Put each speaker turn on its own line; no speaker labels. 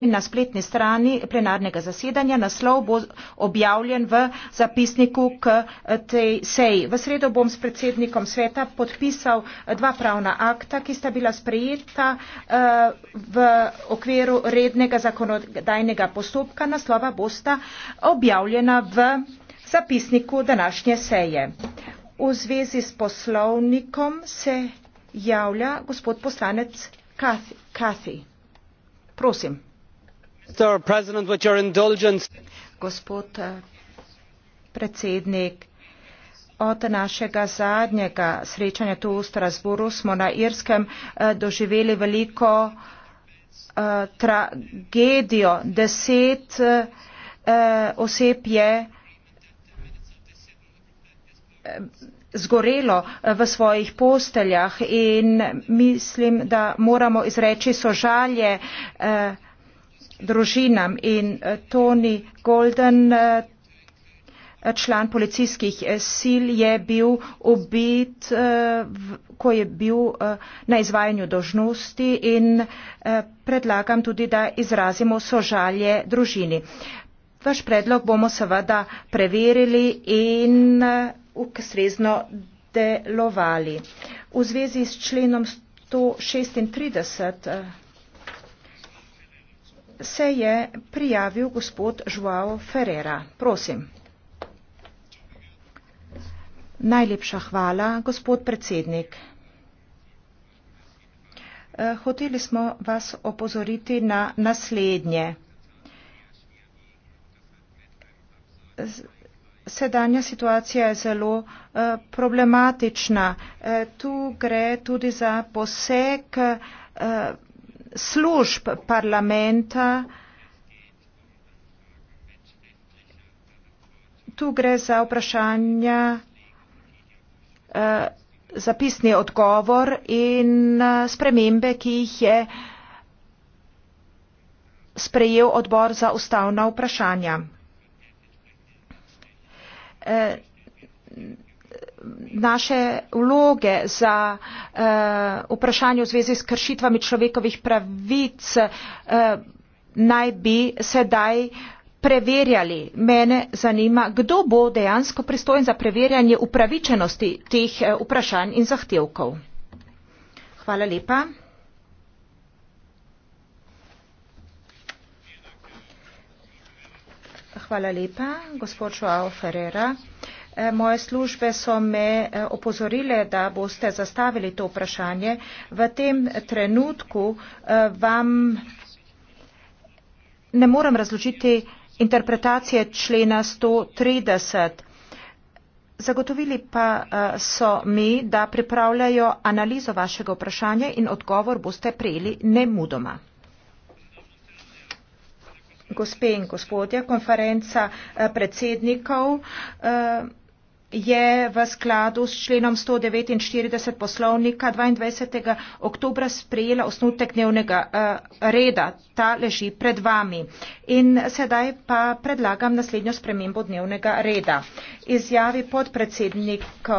na spletni strani plenarnega zasedanja. Naslov bo objavljen v zapisniku k eh, tej seji. V sredo bom s predsednikom sveta podpisal eh, dva pravna akta, ki sta bila sprejeta eh, v okviru rednega zakonodajnega postopka. Naslova bosta objavljena v zapisniku današnje seje. V zvezi s poslovnikom se javlja gospod poslanec Kathy. Prosim gospod eh, predsednik od našega zadnjega srečanja tu v strasbourgu smo na irskem eh, doživeli veliko eh, tragedijo deset oseb je zgorelo v svojih posteljah in mislim da moramo izreči sožalje družinam in eh, Tony Golden, eh, član policijskih eh, sil, je bil ubit, ko je bil na izvajanju dožnosti in predlagam tudi, da izrazimo sožalje družini. Vaš predlog bomo seveda preverili in ustrezno delovali. V zvezi s členom 136 se je prijavil gospod Žuao Ferrera. Prosim. Najlepša hvala, gospod predsednik. Eh, hoteli smo vas opozoriti na naslednje. Sedanja situacija je zelo eh, problematična. Eh, tu gre tudi za poseg služb parlamenta. Tu gre za vprašanja, eh, zapisni odgovor in eh, spremembe, ki jih je sprejel odbor za ustavna vprašanja. Eh, naše vloge za uh, vprašanje v zvezi s kršitvami človekovih pravic uh, naj bi sedaj preverjali. Mene zanima, kdo bo dejansko pristojen za preverjanje upravičenosti teh uh, vprašanj in zahtevkov. Hvala lepa. Hvala lepa, gospod Joao Ferreira. E, moje službe so me e, opozorile, da boste zastavili to vprašanje. V tem trenutku e, vam ne moram razložiti interpretacije člena 130. Zagotovili pa so mi, da pripravljajo analizo vašega vprašanja in odgovor boste prejeli nemudoma. Gospe in gospodje, konferenca predsednikov. Uh, je v skladu s členom 149 poslovnika 22. oktobra sprejela osnutek dnevnega eh, reda. Ta leži pred vami. In sedaj pa predlagam naslednjo spremembo dnevnega reda. Izjavi podpredsednik.